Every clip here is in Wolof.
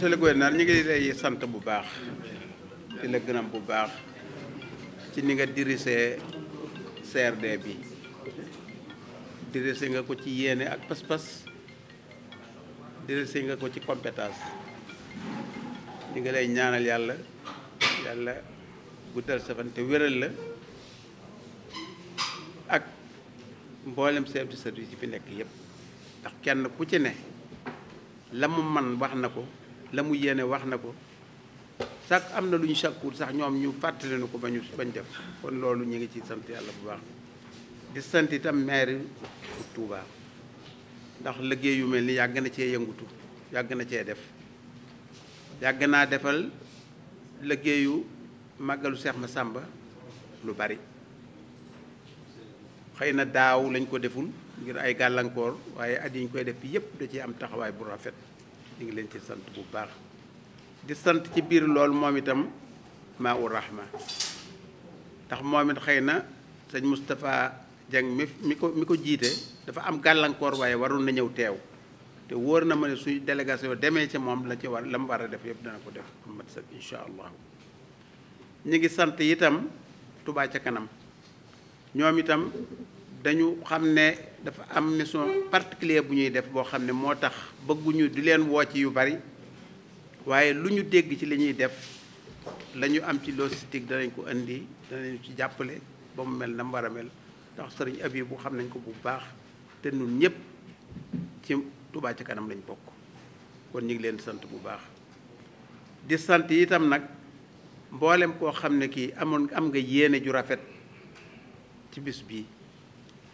monsieur le gouverneur ñu ngi lay sant bu baax di la gërëm bu baax ci ni nga dirisee CRD bi dirisee nga ko ci yéene ak pas-pas dirisee nga ko ci compétence ñu ngi lay ñaanal yàlla yàlla guddal sa fan te wéral la ak mboolem chef de service yi fi nekk yëpp ndax kenn ku ci ne la mu man wax na ko la mu yéene wax na ko sax am na lu ñu sàkkuwul sax ñoom ñu fàttali na ko ba ñu bañ def kon loolu ñu ngi ci sant yàlla bu baax di sant itam maire bu Touba ndax liggéey yu mel ni yàgg na cee yëngutu yàgg na cee def yàgg naa defal liggéeyu màggalu Seex sàmba lu bari xëy na daaw lañ ko deful ngir ay gàllankoor waaye at yi ñu koy def yépp da ciy am taxawaay bu rafet ñu ngi leen ci sant bu baax di sant ci biir lool moom itam maa u rahma ndax moom it xëy na sëñ Moustapha Dieng mi mi ko mi ko jiite dafa am gàllankoor waaye warul na ñëw teew te wóor na ma ne suy délégation demee ci moom la ci war la mu war a def yëpp dana ko def am mat sëkk incha allah ñu ngi sant itam tubaa ca kanam ñoom itam dañu xam ne dafa am mission particulière bu ñuy def boo xam ne moo tax bëgguñu di leen woo ci yu bari waaye lu ñu dégg ci li ñuy def lañu am ci logistique danañ ko indi danañ ci jàppale ba mu mel na mu mel ndax sëriñ abi bu xam nañ ko bu baax te nun ñëpp ci Touba ci kanam lañ bokk kon ñu leen sant bu baax di sant itam nag mboolem koo xam ne kii amoon am nga yéene ju rafet ci bis bii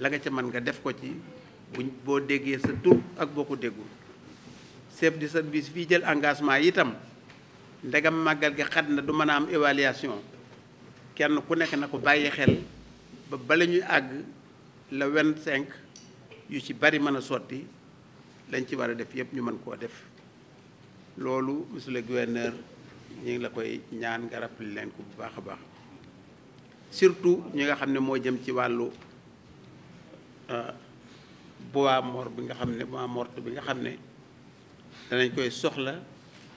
la nga ca man nga def ko ci buñ boo déggee sa tur ak boo ko déggul chef de service fii jël engagement itam ndegam màggal gi xat na du mën a am évaluation kenn ku nekk na ko bàyyi xel ba bala ñuy àgg la vingt cinq yu ci bari mën a sotti lañ ci war a def yëpp ñu mën koo def loolu monsieur le gouverneur ñu la koy ñaan nga rappelé leen ko bu baax a baax surtout ñi nga xam ne moo jëm ci wàllu Euh, bois mort bi nga xam ne bois mort bi nga xam ne danañ koy soxla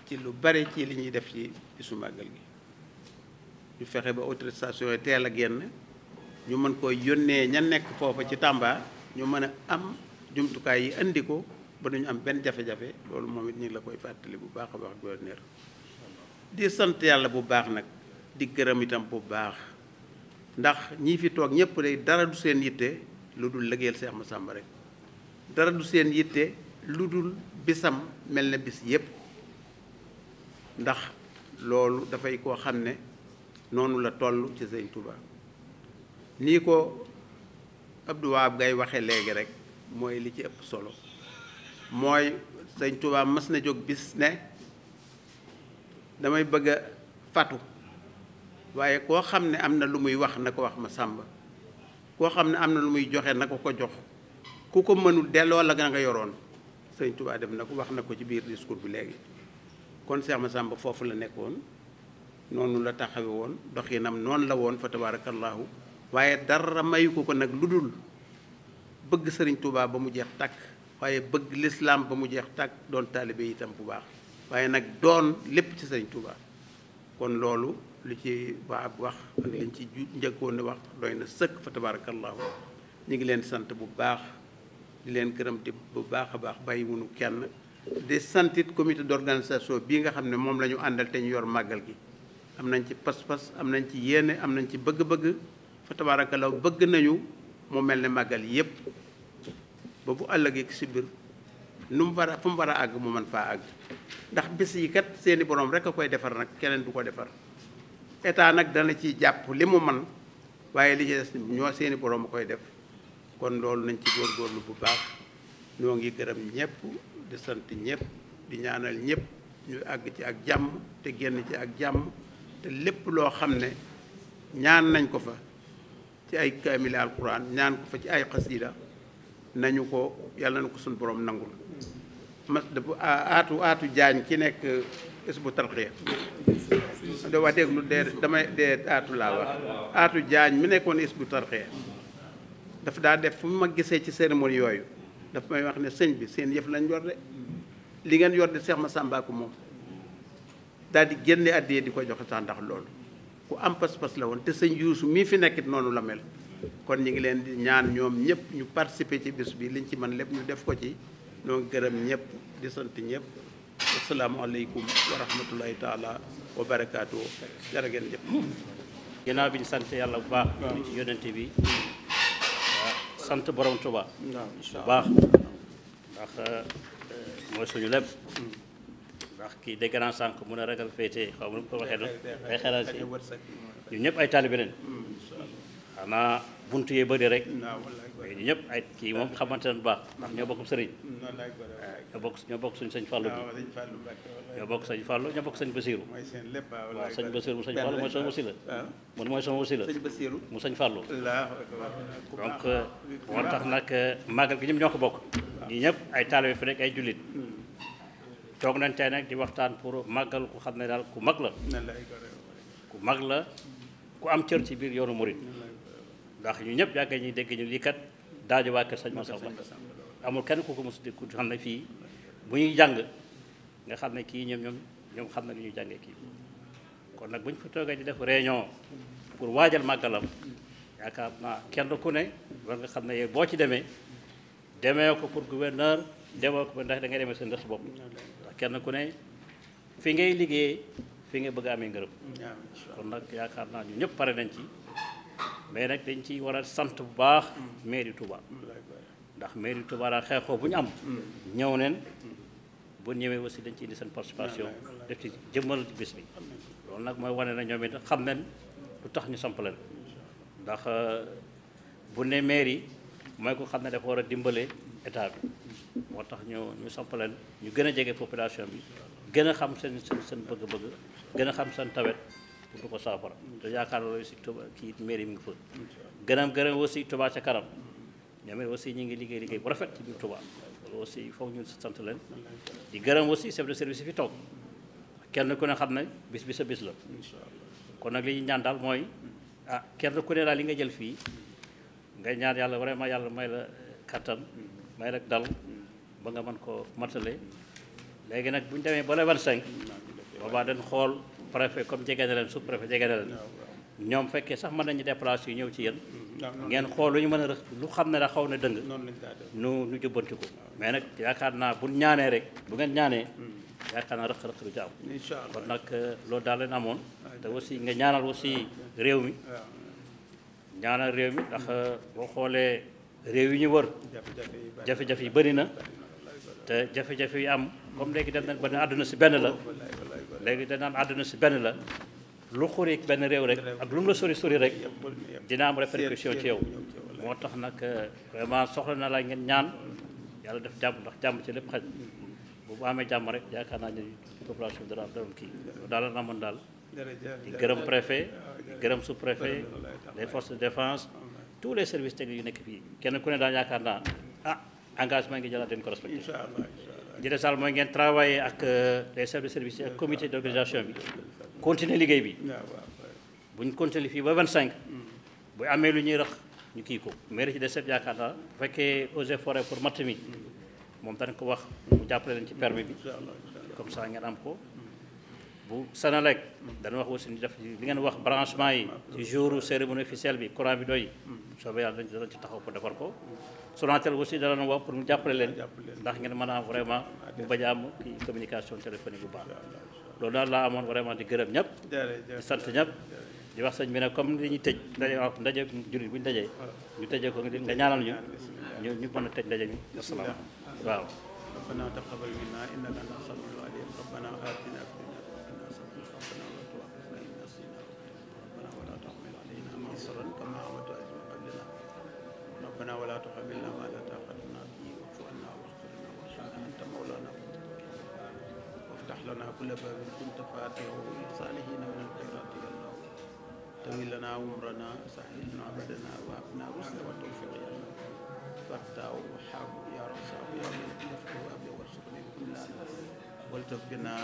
ci lu bari ci li ñuy def ci bisu màggal gi ñu fexe ba autorisation yi teel a genn ñu mën koy yónnee ña nekk foofa ci Tàmba ñu mën a am jumtukaay yi indi ko ba duñu am benn jafe-jafe loolu moom it ñu la koy fàttali bu baax a baax gouverneur di sant yàlla bu baax nag di gërëm itam bu baax ndax ñii fi toog ñëpp day dara du seen yitte lu dul liggéeyal Seex Masamba rek dara du seen yitte lu dul bisam mel na bis yépp ndax loolu dafay koo xam ne noonu la toll ci Sëñ Tuuba nii ko Abdou Wahab Gaye waxe léegi rek mooy li ci ëpp solo mooy Sëñ Tuuba mas na jóg bis ne damay bëgg a fatu waaye koo xam ne am na lu muy wax na ko wax ma sàmba koo xam ne am na lu muy joxe na ko ko jox ku ko mënul delloo la nga yoroon sëñ Tuubaa def na ko wax na ko ci biir discours bi léegi kon Cheikh Massamba foofu la nekkoon noonu la taxawe woon dox yi doxinam noonu la woon fa tabaarakallaahu waaye dara mayu ko ko nag lu dul bëgg sëriñ Tuubaa ba mu jeex tàkk waaye bëgg lislaam ba mu jeex tàkk doon taalibe itam bu baax waaye nag doon lépp ci sëriñ Tuubaa kon loolu lu ci baab wax ak liñ ci njëkkoon wax doy na sëkk fa tabaarakallaahu ñu ngi leen sant bu baax di leen gërëm di bu baax a baax bàyyi kenn di santit comité d'organisation bii nga xam ne moom la ñu àndal te yor màggal gi am nañ ci pas-pas am nañ ci yéene am nañ ci bëgg-bëgg fa tabaarakallaahu bëgg nañu mu mel ne màggal yépp ba bu àllëgee si biir nu mu war a fu mu war a àgg mu man faa àgg ndax bis yi kat seeni borom rek a koy defar nag keneen du ko defar état nag dana ci jàpp li mu man waaye li ñoo seeni borom koy def kon loolu nañ ci góorgóorlu bu baax ñoo ngi gërëm ñëpp desant sant ñëpp di ñaanal ñëpp ñu àgg ci ak jàmm te génn ci ak jàmm te lépp loo xam ne ñaan nañ ko fa ci ay kaamil alquran ñaan ko fa ci ay xasida nañu ko yàlla na ko suñu borom nangul mas aatu aatu jaañ ci nekk is bu tarxiya de déglu dee damay dee aatu laa wax aatu jaañ mi nekkoon is bu tarxee daf daa def fu ma gisee ci cérémonie yooyu daf may wax ne sëñ bi seen yëf lañ yor de li ngeen yor de Seex ma ko moom daal di génne àddiyee di ko joxe sax ndax loolu ku am pas-pas la woon te sëñ yuusu mii fi nekkit noonu la mel kon ñu ngi leen di ñaan ñoom ñëpp ñu participer ci bis bi liñ ci man lépp ñu def ko ci ñoo gërëm ñëpp di sant ñëpp asalaamaaleykum wa rahmatullahi taala wa barakaatu jërë ngeen jëf ginnaaw bi ñu sant yàlla bu baax ñu ci yonent bi sant borom Tuubaa bu baax ndax euh, mooy suñu lépp ndax kii dégg naa sànq mun a ragal féete xaw ma ko waxee noonu xelal si ñun ñëpp ay taalibe leen mm, xanaa buntu yee bëri rek ñu ñëpp ay kii moom xamante ne baax ndax ñoo bokk sëriñ ñoo bokk ñoo bokk suñ sëñ bi ñoo bokk sëñ Fallou ñoo bokk sëñ Basiru waaw sëñ Basiru mu sëñ Fallou mooy sama la mu mooy sama wasila mu sëñ Fallou donc moo tax nag euh, màggal gi ñoom ñoo ko bokk ñi ñëpp ay taalibe fi rek ay jullit hmm. toog nañ tey nag di waxtaan pour màggal ku xam ne daal ku mag la ku mag la ku am cër ci biir yoonu murit ndax ñu ñëpp yàgg dégg ñu lii daajo waa kër sëñ Masamba amul kenn ku ko mos di ku xam ne fii bu ñuy jàng nga xam ne kii ñoom ñoom ñoom xam na li ñuy jàngee kii kon nag bu ñu fa toogee di def réunion pour waajal màggalam yaakaar naa kenn ku ne war nga xam ne yow boo ci demee demee ko pour gouverneur demoo ko ndax da ngay demee seen ndës bopp ndax kenn ku ne fi ngay liggéey fi nga bëgg a amee ngërëm kon nag yaakaar naa ñu ñëpp pare nañ ci mais nag dañ ciy war a sant bu baax mairie Touba ndax mairie Touba daal xeexoo bu ñu am ñëw neen bu ñëwee aussi dañ ci indi seen participation def ci jëmmal ci bis bi loolu nag mooy wane na ñoom it xam nañ lu tax ñu samp leen ndax euh, bu ne mairie mooy ko xam ne dafa war a dimbale état bi moo tax ñu ñu samp ñu gën a jege population bi gën a xam seen seen seen bëgg-bëgg gën a xam seen tawet pour ko saafara te yaakaar loolu si Touba kii mairie mi ngi fa gërëm gërëm aussi Touba ca kanam ñoom aussi ñu ngi liggéey liggéey bu rafet ci biir Touba loolu aussi foog ñu sant leen di gërëm aussi chef de service yi fi toog kenn ku ne xam ne bis bi sa bis la kon nag li ñaan daal mooy ah kenn ku ne daal li nga jël fii nga ñaar yàlla vraiment yàlla may la kattan may rek dal ba nga mën ko matale léegi nag bu ñu demee ba le 25 préfet comme jege na leen sous-préfet jege na leen ñoom fekkee sax mën nañu déplacé yu ñëw ci yéen ngeen xool lu ñu mën a rëx lu xam ne da xaw na dëng nu nu jubbanti ko mais nag yaakaar naa bu ñaanee rek bu ngeen ñaanee hmm. yaakaar naa rëq-rëq du ci am kon nag euh, loolu daal leen amoon te aussi nga ñaanal aussi réew mi ñaanal réew mi ndax euh, boo xoolee réew yi ñu wër jafe-jafe yi bëri na te jafe-jafe yi am comme léegi dem na ba ne àdduna si benn la oh, léegi dana am àdduna si benn la lu xuri benn réew rek ak lu mu la sori sori rek dina am répercussion ci yow moo tax nag vraiment soxla na la ngeen ñaan yàlla def jàmm ndax jàmm ci lépp xaj bu bu amee jàmm rek yaakaar naa ne population dara am daram kii daala na mën daal di gërëm préfet di gërëm sous préfet les forces de défense tous les services techniques yu nekk fii kenn ku ne daal yaakaar naa ah engagement ngi jëlaat den ko li des daal mooy ngeen travailler ak euh, les chefs de service ak comité d' organisation bi continuer liggéey bi bu ñu continuer fii ba 25 bu amee lu ñuy rax ñu kii ko mairie ci des chefs yaakaar naa bu fekkee eaux et forêt pour matt mi moom dana ko wax mu jàppale leen ci permis bi comme ça ngeen am ko bu Senelec dana wax aussi ñu def li ngeen wax branchement yi ci jour cérémonie officielle bi courant bi doy mm. soobee yàlla dañ ci taxaw pour defar ko Sonatel aussi dana wax pour mu jàppale leen ndax ngeen mën a am vraiment bu bañ a am kii communication téléphonique bu baax loolu daal laa amoon vraiment di gërëm ñëpp di sant ñëpp di wax sëñ bi ne comme li ñu tëj ndaje wax ah, ndaje jullit bu ñu dajee ñu tëjee ko nga ñaanal ñu ñu ñu mën a tëj ndaje mi asalaam waaw ربنا تقبل منا انك انت ربنا ولا تحملنا ما لا طاقة لنا به واعف عنا واسترنا وارحمنا أنت مولانا وافتح لنا كل باب كنت فاتحه للصالحين من الخيرات يا الله طويل لنا عمرنا سهل لنا عبدنا وهبنا رشدا وتوفيق يا الله فتاه وحاب يا رزاق يا ملك يفتح أبي وارزقني كل والتف بنا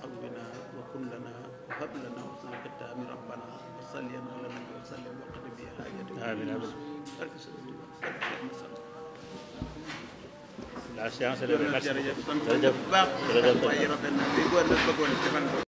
وقونا وكن لنا وهب لنا وصل الختام ربنا وصلي لنا وسلم وقد بحاجتنا آمين آمين la séance est levée merci jërëjëf jërëjëf bu baax waaye rafet na li war na bëggoon defal ko